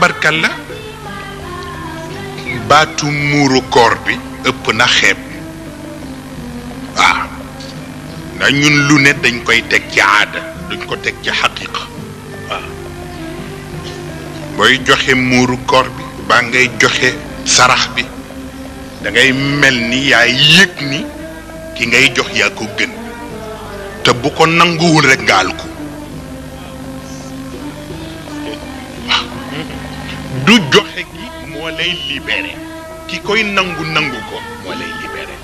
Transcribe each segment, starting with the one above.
tabarkal la baatu muuru koor bi ëpp na xeeb waaw lu ne dañ koy teg ci aada dañ ko teg ci xaqiqa waaw booy joxe muuru koor bi baa ngay joxe sarax bi dangay mel ni yaa yëg ni ki ngay jox yaa ko gën te bu ko nanguwul rekk ngaal ko du joxe gi moo lay libéré ki koy nangu nangu ko moo lay libéré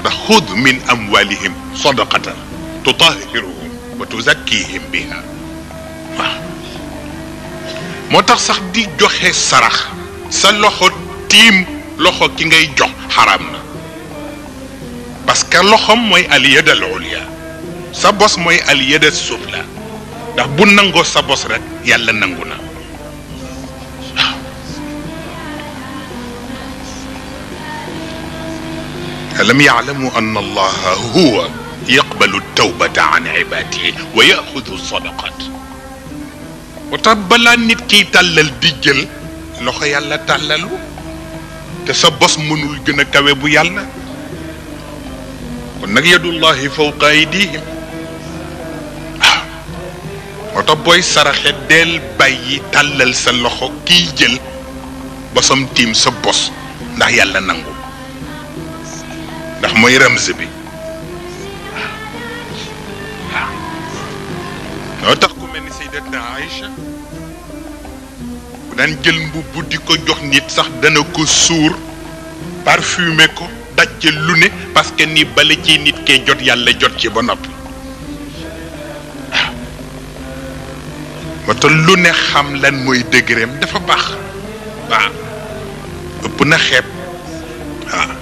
ndax xud min amwalihim sadaqatan tutahiruhum wa tuzakkihim biha waaw moo tax sax di joxe sarax sa loxo tiim loxo ki ngay jox xaram na parce que loxom mooy aliyada al ulia sa bos mooy aliyada sufla ndax bu nangoo sa bos rek yàlla nangu na الم يعلموا ان الله هو يقبل التوبه عن عباده وياخذ الصدقات وتبلا نيت كي تالل ديجل لوخ يالا تالل تسا بوس منول جنا كاوي بو يد الله فوق ايديهم وتبوي سرخ ديل باي تلل سا لوخ كي جيل بسام تيم سا بوس ndax yalla ndax mooy ramz bi waaw tax ku mel ni Sayyidatna Aïcha bu daan jël mbubb di ko jox nit sax dana ko suur parfumé ko daj lu ne parce que ni bale ci nit kee jot yàlla jot ci ba noppi moo tax lu ne xam lan mooy dëgëreem dafa baax waaw ëpp na xeeb waaw